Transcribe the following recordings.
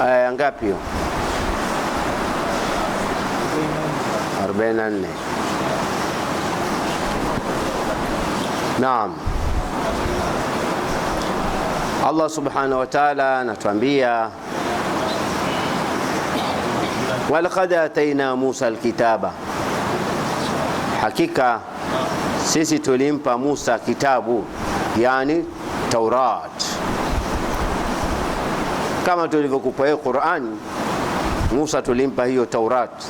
Aya ngapi hiyo? 44. Naam. Allah subhanahu wa ta'ala anatuambia walaqad ataina Musa alkitaba, hakika sisi tulimpa Musa kitabu, yani Taurat kama tulivyokupa yeye Qur'ani. Musa tulimpa hiyo Taurat,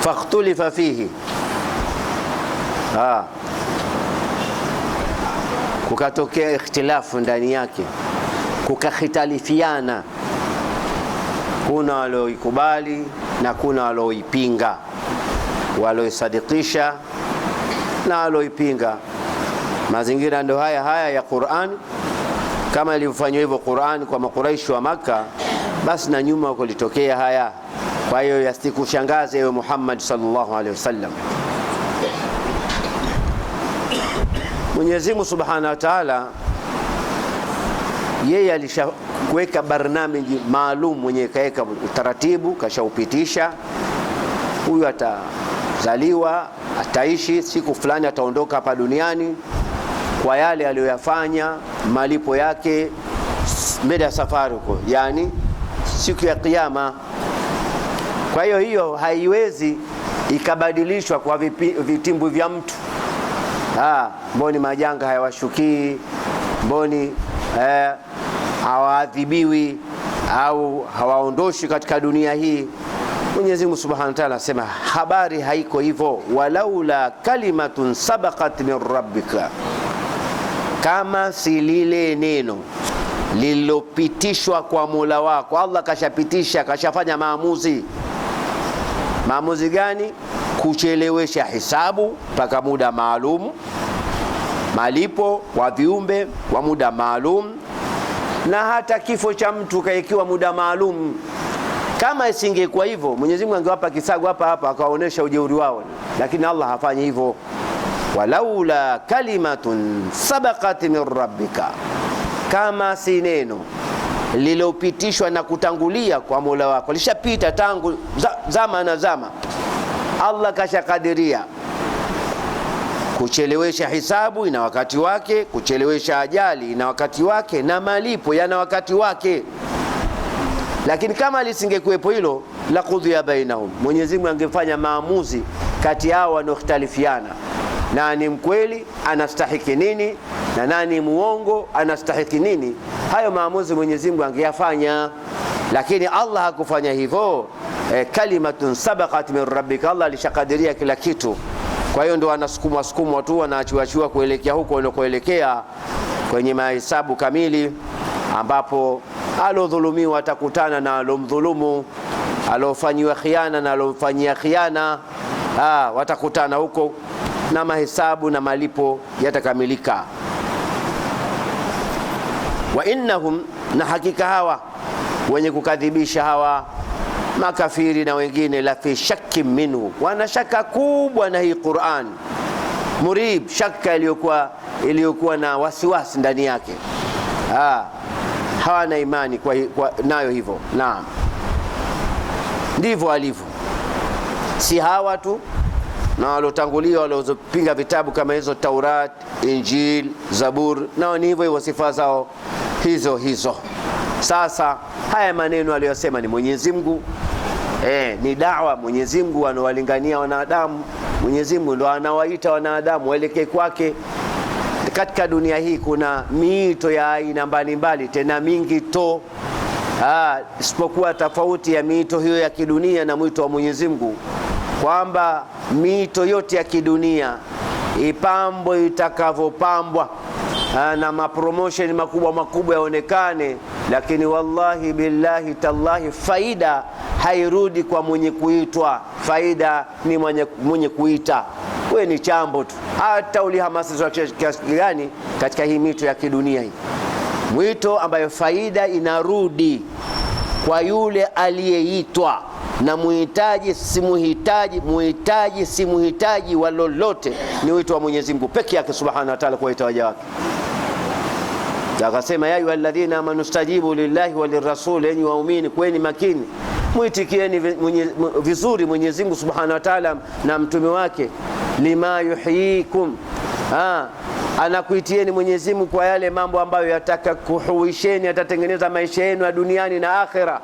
fakhtulifa fihi ha, ah. kukatokea ikhtilafu ndani yake, kukakhitalifiana kuna walioikubali na kuna walioipinga, walioisadikisha na walioipinga. Mazingira ndo haya haya ya Qur'ani kama ilivyofanywa hivyo Qur'an kwa makuraishi wa Makka, basi na nyuma kulitokea haya. Kwa hiyo yasikushangaze ewe Muhammad sallallahu alaihi wasallam. Mwenyezi Mungu Subhanahu wa Ta'ala yeye alishaweka barnamiji maalum, mwenye kaweka utaratibu, kashaupitisha. Huyu atazaliwa, ataishi siku fulani, ataondoka hapa duniani kwa yale aliyoyafanya, malipo yake mbele ya safari huko, yani siku ya Kiyama. Kwa hiyo hiyo haiwezi ikabadilishwa kwa vipi, vitimbu vya mtu ah, mboni majanga hayawashukii mboni eh, hawaadhibiwi au hawaondoshi katika dunia hii. Mwenyezi Mungu Subhanahu wa Ta'ala asema habari haiko hivyo, walaula kalimatun sabaqat min rabbika kama si lile neno lililopitishwa kwa Mola wako. Allah kashapitisha, kashafanya maamuzi. Maamuzi gani? Kuchelewesha hisabu mpaka muda maalum, malipo wa viumbe wa muda maalum, na hata kifo cha mtu kaekiwa muda maalum. Kama isingekuwa hivyo, Mwenyezi Mungu angewapa kisago hapa hapa, akawaonesha ujeuri wao, lakini Allah hafanyi hivyo walaula kalimatun sabakat min rabbika, kama si neno lililopitishwa na kutangulia kwa Mola wako, lishapita tangu zama na zama. Allah kashakadiria kuchelewesha hisabu ina wakati wake, kuchelewesha ajali ina wakati wake, na malipo yana wakati wake. Lakini kama lisingekuwepo hilo la kudhia bainahum, Mwenyezi Mungu angefanya maamuzi kati yao wanaohtalifiana nani mkweli anastahiki nini na nani muongo anastahiki nini. Hayo maamuzi Mwenyezi Mungu angeyafanya, lakini Allah hakufanya hivyo. E, kalimatun sabaqat min rabbika, Allah alishakadiria kila kitu. Kwa hiyo ndo wanasukumwa sukumwa tu wanaachiwachiwa kuelekea huko walikoelekea kwenye mahesabu kamili, ambapo alodhulumiwa atakutana na alomdhulumu, alofanyiwa khiana na alofanyia khiana, ah, watakutana huko na mahesabu na malipo yatakamilika. Wa innahum, na hakika hawa wenye kukadhibisha hawa makafiri na wengine, la fi shakki minhu, wana shaka kubwa na hii Qur'an, murib, shaka iliyokuwa iliyokuwa na wasiwasi ndani yake. Ha, hawana imani kwa, kwa, nayo hivyo. Naam, ndivyo alivyo, si hawa tu na waliotangulia waliozipinga vitabu kama hizo Taurat, Injil, Zabur, nao ni hivyo hivyo, sifa zao hizo hizo. Sasa haya maneno aliyosema ni Mwenyezi Mungu eh, ni dawa Mwenyezi Mungu anawalingania wanadamu. Mwenyezi Mungu ndo anawaita wanadamu waelekee kwake. Katika dunia hii kuna miito ya aina mbalimbali tena mingi to ah, isipokuwa tofauti ya miito hiyo ya kidunia na mwito wa Mwenyezi Mungu kwamba mito yote ya kidunia ipambwe itakavyopambwa na mapromotion makubwa makubwa yaonekane, lakini wallahi billahi tallahi, faida hairudi kwa mwenye kuitwa, faida ni mwenye, mwenye kuita. We ni chambo tu, hata ulihamasiswa kiasi gani katika hii mito ya kidunia hii, mwito ambayo faida inarudi kwa yule aliyeitwa na muhitaji simuhitaji, muhitaji simuhitaji wa lolote. Ni wito wa Mwenyezi Mungu peke yake subhanahu wa ta'ala kuwaita waja wake. Akasema, ya ayu alladhina amanu stajibu lillahi wa enyi waumini kweni makini, muitikieni vizuri Mwenyezi Mungu subhanahu wa ta'ala na mtume wake. Lima yuhyikum anakuitieni Mwenyezi Mungu kwa yale mambo ambayo yataka kuhuisheni, yatatengeneza maisha yenu ya duniani na akhera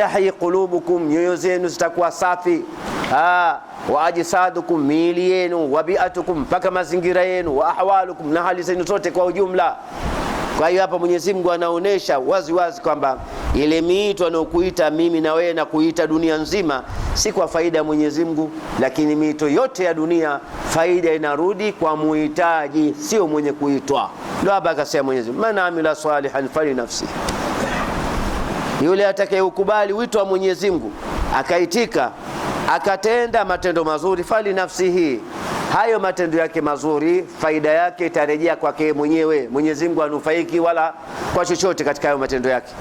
tahi qulubukum, nyoyo zenu zitakuwa safi ha, wa ajsadukum, miili yenu, wa biatukum, mpaka mazingira yenu, wa ahwalukum, na hali zenu zote kwa ujumla. Kwa hiyo hapa Mwenyezi Mungu anaonesha wazi wazi kwamba ile miito anayokuita mimi na wewe na kuita dunia nzima si kwa faida ya Mwenyezi Mungu, lakini miito yote ya dunia faida inarudi kwa muhitaji, sio mwenye kuitwa. Ndio hapa akasema Mwenyezi Mungu, man amila salihan fali yule atakayeukubali wito wa Mwenyezi Mungu akaitika akatenda matendo mazuri, fali hii, hayo matendo yake mazuri faida yake itarejea kwake mwenyewe. Mwenyezi Mungu anufaiki wala kwa chochote katika hayo matendo yake.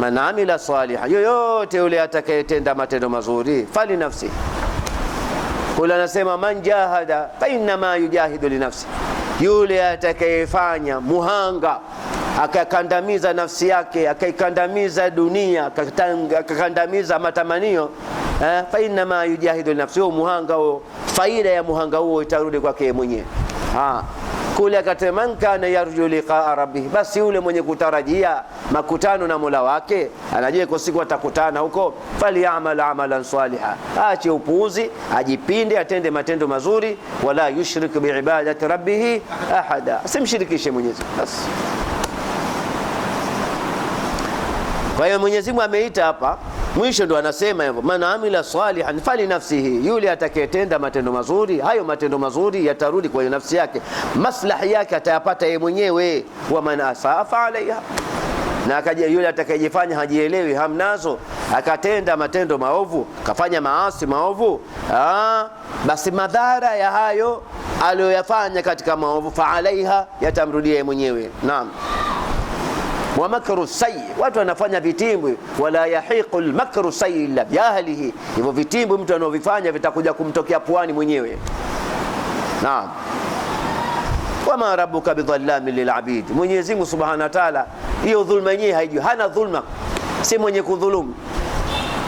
Man amila saliha, yoyote yule atakayetenda matendo mazuri, fali nafsi. Kula anasema man jahada fa yujahidu linafsi, yule atakayefanya muhanga akakandamiza nafsi yake, akaikandamiza dunia, akakandamiza matamanio eh, fa inna yujahidu nafsi, huo muhanga huo, faida ya muhanga huo itarudi kwake mwenyewe kule akasema, man kana yarju liqaa rabbih, basi yule mwenye kutarajia makutano na Mola wake, anajua iko siku atakutana huko, falyamal amalan saliha, aache upuuzi, ajipinde, atende matendo mazuri, wala yushrik biibadati rabbihi ahada, simshirikishe Mwenyezi basi Kwa hiyo Mwenyezi Mungu ameita hapa mwisho, ndo anasema hivyo, man amila salihan fali nafsihi, yule atakayetenda matendo mazuri, hayo matendo mazuri yatarudi kwenye nafsi yake, maslahi yake atayapata yeye mwenyewe. wa man asaa fa alaiha na yule atakayejifanya hajielewi hamnazo, akatenda matendo maovu, kafanya maasi maovu, aa, basi madhara ya hayo aliyoyafanya katika maovu, fa alaiha, yatamrudia mwenyewe. Naam wa makru sayyi, watu wanafanya vitimbwi. Wala yahiqu lmakru sayyi illa biahlihi, hivyo vitimbwi mtu anaovifanya vitakuja kumtokea puani mwenyewe. Naam, wama rabbuka bidhallamin lilabid, Mwenyezi Mungu subhanahu wa taala, hiyo dhulma yenyewe haijui, hana dhulma, si mwenye kudhulumu.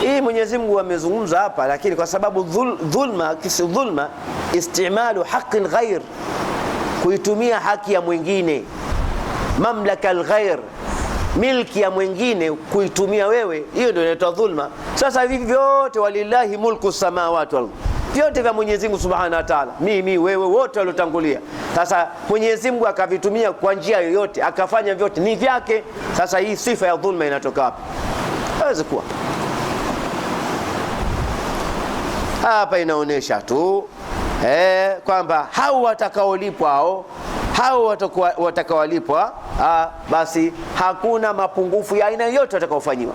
Hii Mwenyezi Mungu amezungumza hapa, lakini kwa sababu dhul, dhulma, kisi dhulma istimalu haqi lghair, kuitumia haki ya mwingine, mamlaka lghair milki ya mwingine kuitumia wewe, hiyo ndio inaitwa dhulma. Sasa hivi vyote, walillahi mulku samawati wal vyote vya Mwenyezi Mungu Subhanahu wa Ta'ala, mimi wewe, wote waliotangulia. Sasa Mwenyezi Mungu akavitumia kwa njia yoyote, akafanya vyote ni vyake. Sasa hii sifa ya dhulma inatoka wapi? Hawezi kuwa hapa. Inaonyesha tu eh, kwamba hao watakaolipwa hao hao watakaolipwa ah, basi hakuna mapungufu ya aina yoyote atakayofanyiwa.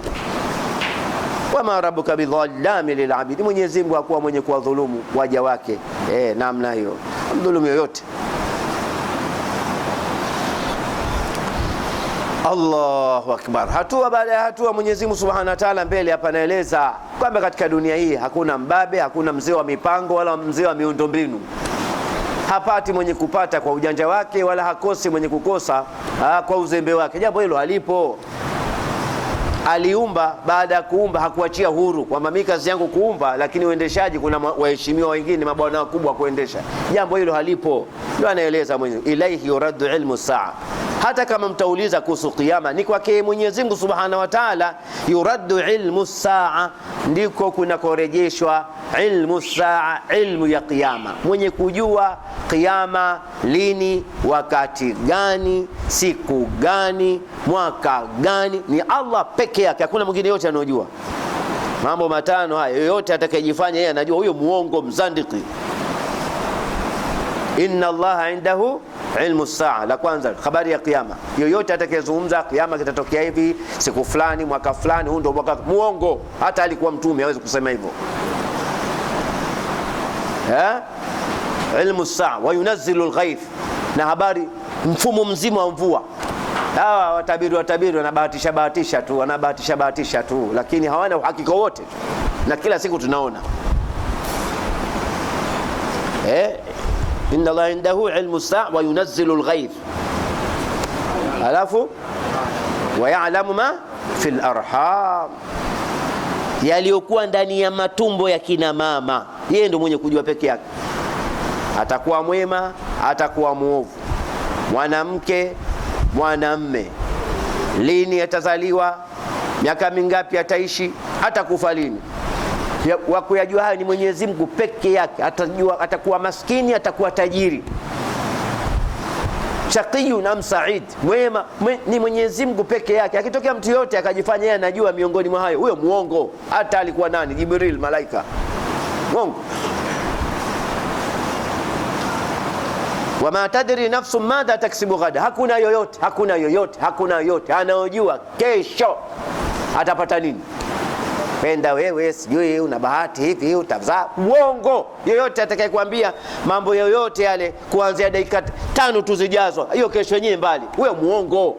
Wama rabbuka bidhallami lilabidi, Mwenyezi Mungu hakuwa mwenye kuwadhulumu waja wake eh, namna hiyo mdhulumu yoyote. Allahu akbar. Hatua baada ya hatua Mwenyezi Mungu Subhanahu wa Ta'ala mbele hapa anaeleza kwamba katika dunia hii hakuna mbabe, hakuna mzee wa mipango wala mzee wa miundombinu hapati mwenye kupata kwa ujanja wake, wala hakosi mwenye kukosa aa, ah, kwa uzembe wake. Jambo hilo halipo. Aliumba, baada ya kuumba hakuachia huru kwamba mimi kazi yangu kuumba, lakini uendeshaji kuna waheshimiwa wengine mabwana wakubwa kuendesha. Jambo hilo halipo, ndio anaeleza mwenyewe, ilaihi yuraddu ilmu saa hata kama mtauliza kuhusu kiyama, ni kwake Mwenyezi Mungu Subhanahu wa Ta'ala, yuraddu ilmu saa, ndiko kunakorejeshwa ilmu saa, ilmu ya kiyama, mwenye kujua kiyama lini, wakati gani, siku gani, mwaka gani, ni Allah peke yake, hakuna mwingine yote anayojua mambo matano haya. Yoyote atakayejifanya yeye anajua, huyo muongo mzandiki inna Allah indahu ilmu saa. La kwanza habari ya kiyama, yoyote atakayezungumza kiyama kitatokea hivi siku fulani mwaka fulani, huu ndio mwaka, muongo. Hata alikuwa mtume hawezi kusema hivyo eh? ilmu saa wa yunazzilu alghaith, na habari mfumo mzima wa mvua Hawa watabiri watabiri wanabahatisha bahatisha tu, wanabahatisha bahatisha tu, lakini hawana uhakika wote, na kila siku tunaona eh, inna Allah indahu ilmu sa wa yunazzilu alghaith, alafu wa ya'lamu ma fil arham, yaliyokuwa ndani ya matumbo ya kina mama. Yeye ndio mwenye kujua peke yake, atakuwa mwema, atakuwa mwovu, mwanamke, mwanamme, lini atazaliwa, miaka mingapi ataishi, atakufa lini wa kuyajua hayo ni Mwenyezi Mungu peke yake. Atajua atakuwa maskini, atakuwa tajiri, shaqiyun am said, mwema ni Mwenyezi Mungu peke yake. Akitokea mtu yote akajifanya yeye anajua miongoni mwa hayo, huyo muongo. Hata alikuwa nani? Jibril malaika muongo. Wama tadri nafsu madha taksibu ghada, hakuna yoyote, hakuna yoyote, hakuna yoyote anayojua kesho atapata nini penda wewe, sijui una bahati hivi, utazaa. Uongo yoyote atakayekuambia mambo yoyote yale kuanzia dakika tano tuzijazwa, hiyo kesho yenyewe mbali, huyo muongo.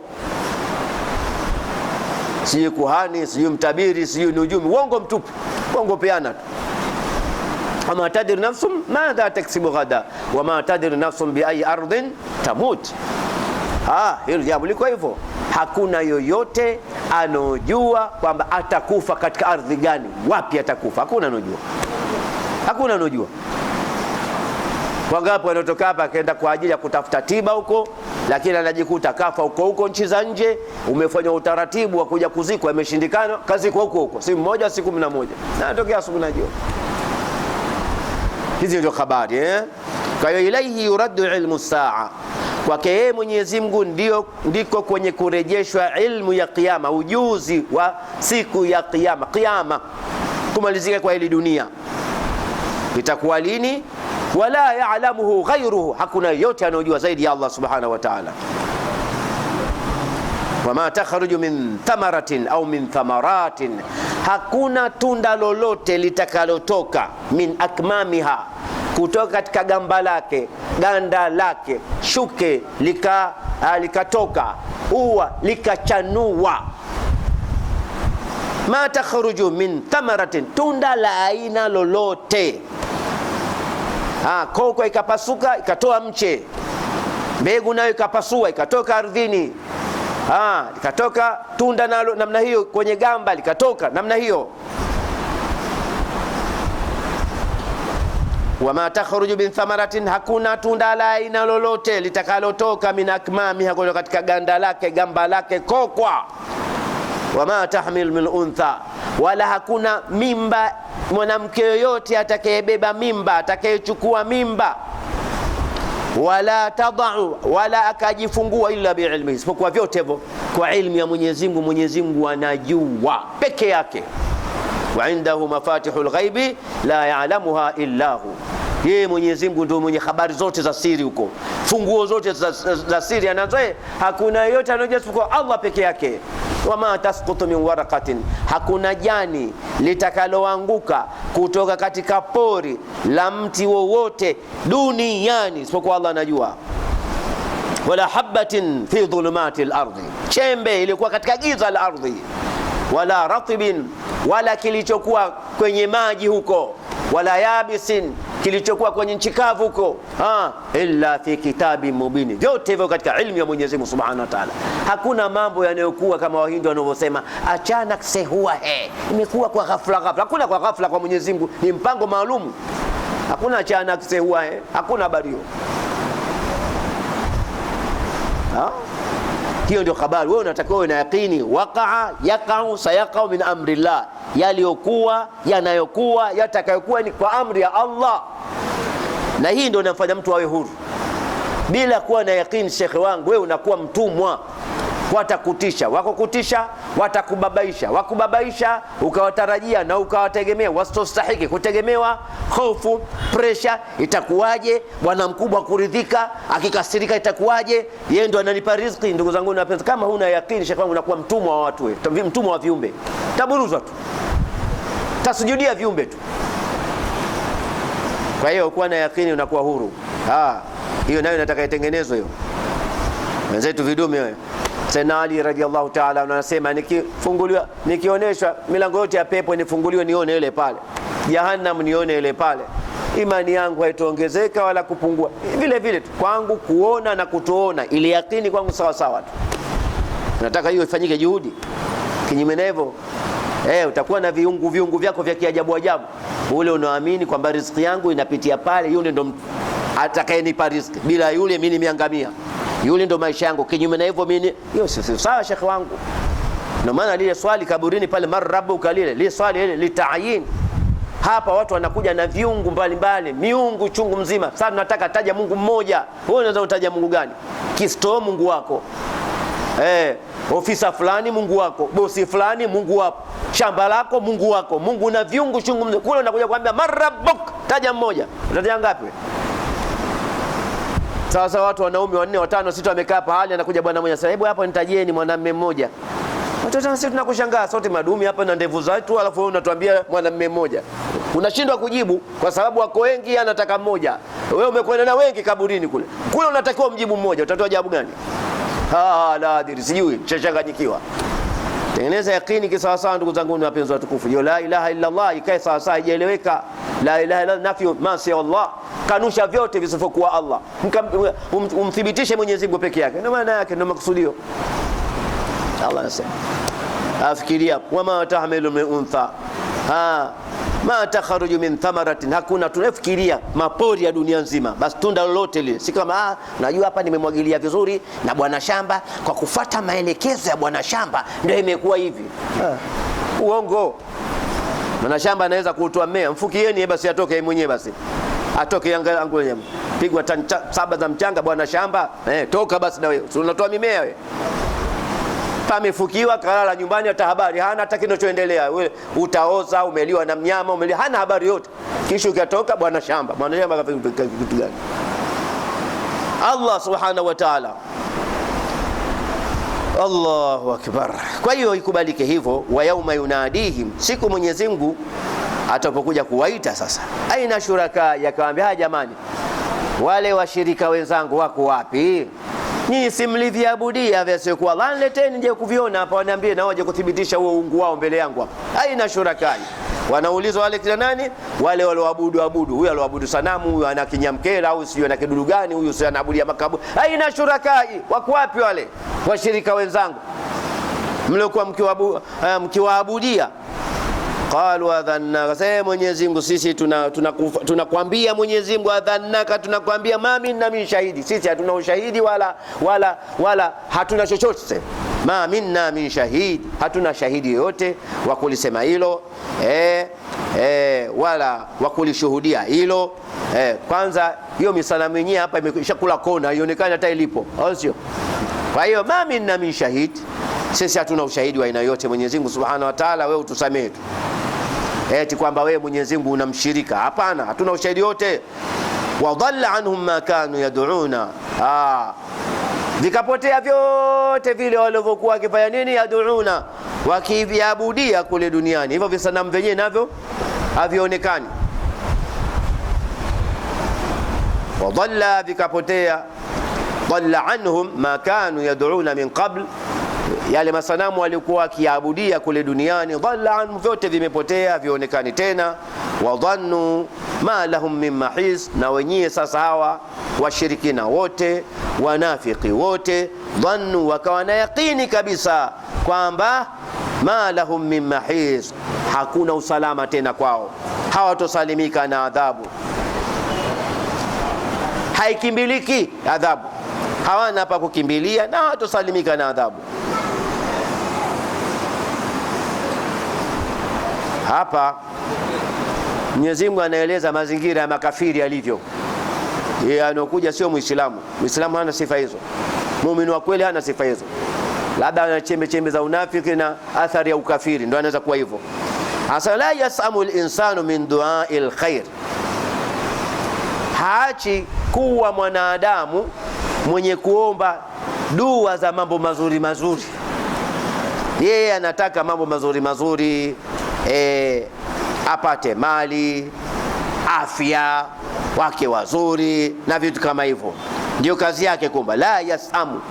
Sijui kuhani, sijui mtabiri, sijui nujumu, uongo mtupu, uongo peana tu Ama tadiru nafsum madha taksibu ghada wama tadiru nafsum bi ayi ardhin tamut Ah, hilo jambo liko hivyo, hakuna yoyote anaojua kwamba atakufa katika ardhi gani, wapi atakufa. Hakuna anojua, hakuna anojua. Wangapi wanaotoka hapa akaenda kwa ajili ya kutafuta tiba huko, lakini anajikuta kafa huko huko nchi za nje. Umefanywa utaratibu wa kuja kuzikwa, imeshindikana, kazikwa huko huko, si mmoja, si kumi na moja, anatokea asubuhi na jioni. Hizi ndio habari eh. Kwa hiyo ilaihi yuraddu ilmu saa Kwake yeye Mwenyezi Mungu ndio ndiko kwenye kurejeshwa ilmu ya kiyama, ujuzi wa siku ya kiyama, kiyama kumalizika kwa hili dunia itakuwa lini? Wala yaalamuhu ghairuhu, hakuna yote anayojua zaidi ya Allah subhanahu wa ta'ala. Wama takhruju min thamaratin au min thamaratin, hakuna tunda lolote litakalotoka min akmamiha kutoka katika gamba lake ganda lake shuke lika, uh, likatoka uwa likachanua. Ma takhruju min thamaratin, tunda la aina lolote. Ha, koko ikapasuka ikatoa mche, mbegu nayo ikapasua ikatoka ardhini. Ha, ikatoka tunda nalo namna hiyo, kwenye gamba likatoka namna hiyo wama takhruju min thamaratin, hakuna tunda la aina lolote litakalotoka min akmamiha, kutoka katika ganda lake gamba lake kokwa. Wama tahmil min untha, wala hakuna mimba mwanamke yoyote atakayebeba mimba atakayechukua mimba wala tadau wala akajifungua illa biilmihi, isipokuwa vyote hivyo kwa ilmu ya Mwenyezi Mungu. Mwenyezi Mungu anajua peke yake, wa indahu mafatihul ghaibi la ya'lamuha illa hu yeye Mwenyezi Mungu ndio mwenye habari zote za siri huko, funguo zote za, za, za siri anazo Hakuna yeyote anayejua isipokuwa Allah peke yake. Wama tasqutu min waraqatin, hakuna jani litakaloanguka kutoka katika pori la mti wowote duniani isipokuwa Allah anajua wala habatin fi dhulumati al chembe iliyokuwa katika giza la ardhi, wala ratibin, wala kilichokuwa kwenye maji huko, wala yabisin kilichokuwa kwenye nchi kavu huko, illa fi kitabi mubini, vyote hivyo katika ilmu ya Mwenyezi Mungu Subhanahu wa Ta'ala. Hakuna mambo yanayokuwa kama Wahindi wanavyosema achana se he, imekuwa kwa ghafla ghafla. Hakuna kwa ghafla kwa Mwenyezi Mungu, ni mpango maalum. Hakuna achana se he, hakuna habari hiyo. Hiyo ndio habari. Wewe unatakiwa uwe na yaqini, waqaa yaqau sayaqau min amrillah, yaliyokuwa yanayokuwa yatakayokuwa ni kwa amri ya Allah, na hii ndio inamfanya mtu awe huru. Bila kuwa na yaqini, shekhe wangu, wewe unakuwa mtumwa watakutisha, wakukutisha, watakubabaisha, wakubabaisha ukawatarajia na ukawategemea wasitostahiki kutegemewa. Hofu, presha, itakuwaje? Bwana mkubwa kuridhika, akikasirika itakuwaje? Yeye ndo ananipa riziki. Ndugu zangu na pesa, kama huna yakini shekwangu, unakuwa mtumwa wa watu, mtumwa wa viumbe, taburuzwa tu, tasujudia viumbe tu. Kwa hiyo kuwa na yakini, unakuwa huru. Ah, hiyo nayo nataka itengenezwe hiyo, wenzetu vidume wewe. Sayyidina Ali radhiallahu ta'ala anasema, nikifunguliwa nikionyeshwa milango yote ya pepo nifunguliwe, nione ile pale jahannam, nione ile pale, imani yangu haitoongezeka wala kupungua. Vile vile tu kwangu kuona na kutoona, ili yakini kwangu sawa sawa tu. Nataka hiyo ifanyike juhudi, kinyume na hivyo Eh, utakuwa na viungu viungu vyako vya kiajabu ajabu, ule unaamini kwamba riziki yangu inapitia pale, yule ndo atakayenipa riziki, bila yule mimi nimeangamia. Yule ndo maisha yangu, kinyume na hivyo mimi hiyo si sawa, shekhi wangu. Ndio maana lile swali kaburini pale mar marrabuka lile lile swali lile litaayin. Hapa watu wanakuja na viungu mbalimbali mbali, miungu chungu mzima. Sasa tunataka taja Mungu mmoja. Wewe unaweza kutaja Mungu gani? Kisto Mungu wako eh, ofisa fulani Mungu wako, bosi fulani Mungu wako, shamba lako Mungu wako, Mungu na viungu chungu mzima. Kule unakuja kuambia mar marrabuk, taja mmoja, utataja ngapi? Sasa watu wanaume wanne watano sita wamekaa pahali, anakuja bwana mmoja sasa, hebu hapa nitajieni mwanamume mmoja. Watoto sisi tunakushangaa, sote madumi hapa na ndevu zetu, alafu wewe unatuambia mwanamume mmoja. Unashindwa kujibu kwa sababu wako wengi, anataka mmoja. Wewe umekwenda na wengi kaburini kule, kule unatakiwa mjibu mmoja. Utatoa jawabu gani? Ah, la adiri, sijui, chachanganyikiwa. Tengeneza yakini kisawasawa, ndugu zangu na wapenzi watukufu, hiyo la ilaha illa Allah ikae sawasawa, haijaeleweka. La ilaha illa nafi ma si Allah, kanusha vyote visivyokuwa Allah, um, umthibitishe Mwenyezi Mungu peke yake, ndio maana yake, ndio makusudio. Allah anasema afikiria, wama tahmilu min untha ha ma takharuju min thamaratin, hakuna tunafikiria mapori ya dunia nzima, basi tunda lolote lile, si kama ah, najua hapa nimemwagilia vizuri na bwana shamba, kwa kufata maelekezo ya bwana shamba ndio imekuwa hivi. Ah, uongo. Bwana shamba anaweza kuutoa mmea, mfukieni basi atoke mwenyewe, basi atoke angalia, pigwa tani saba za mchanga, bwana shamba eh, toka basi na wewe, unatoa mimea wewe pamefukiwa, kalala nyumbani, hata habari hana, hata kinachoendelea. Utaoza, umeliwa na mnyama, umeliwa, hana habari yote. Kisha ukatoka bwana shamba, bwana shamba kitu gani? Allah subhanahu wa ta'ala. Allahu akbar. Kwa hiyo ikubalike hivyo, wa yauma yunadihim, siku Mwenyezi Mungu atapokuja kuwaita sasa, aina shuraka, yakawaambia haya, jamani, wale washirika wenzangu wako wapi? Nyinyi si mliviabudia vya kwa Allah, leteni nje kuviona hapa, waniambie na waje kuthibitisha huo uungu wao mbele yangu hapa. Aina shurakai wanaulizwa wale kina nani? Wale walioabudu abudu, huyu alioabudu sanamu, huyu ana kinyamkela, huyu sio na kidudu gani, huyu sio anaabudia makaburi. Aina shurakai, wako wapi wale washirika wenzangu mliokuwa eh, mkiwaabudia qalu adhannaka, sema Mwenyezi Mungu sisi tunakwambia, tuna, tuna Mwenyezi Mungu adhannaka, tunakwambia ma minna min shahidi, sisi hatuna ushahidi wala, wala, wala hatuna chochote ma minna min shahidi, hatuna shahidi yoyote wa kulisema hilo eh, eh, wala wa kulishuhudia hilo eh. Kwanza hiyo misanamu yenyewe hapa imeshakula kona, haionekani hata ilipo, au sio? Kwa hiyo ma minna min shahidi sisi hatuna ushahidi wa aina yote. Mwenyezi Mungu Subhanahu wa Ta'ala, wewe utusamehe tu, eti kwamba wewe Mwenyezi Mungu unamshirika. Hapana, hatuna ushahidi wote. Wadalla anhum ma kanu yad'una, ah, vikapotea vyote vile walivyokuwa wakifanya nini, yad'una, wakiabudia kule duniani. Hivyo visanamu vyenyewe navyo havionekani. Wadalla, vikapotea, Dhalla anhum ma kanu yad'una min qabl yale masanamu waliokuwa wakiabudia kule duniani, dhalla an, vyote vimepotea vionekani tena. Wadhannu ma lahum min mahis, na wenyewe sasa hawa washirikina wote wanafiki wote, dhannu, wakawa na yaqini kabisa kwamba ma lahum min mahis, hakuna usalama tena kwao, hawatosalimika na adhabu, haikimbiliki adhabu, hawana pa kukimbilia na hawatosalimika na adhabu. Hapa Mwenyezi Mungu anaeleza mazingira ya makafiri yalivyo. Yeye anokuja sio Muislamu, Muislamu hana sifa hizo, muumini wa kweli hana sifa hizo, labda ana chembe chembe za unafiki na athari ya ukafiri, ndio anaweza kuwa hivyo. Hasa la yasamu linsanu min duai lkhair, haachi kuwa mwanadamu mwenye kuomba dua za mambo mazuri mazuri. Yeye anataka mambo mazuri mazuri e, apate mali, afya, wake wazuri na vitu kama hivyo. Ndio kazi yake kumba, la yasamu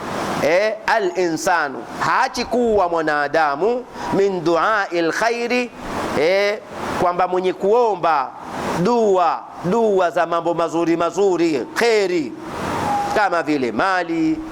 e, alinsanu haachi kuwa mwanadamu min duai lkhairi e, eh, kwamba mwenye kuomba dua dua za mambo mazuri mazuri kheri kama vile mali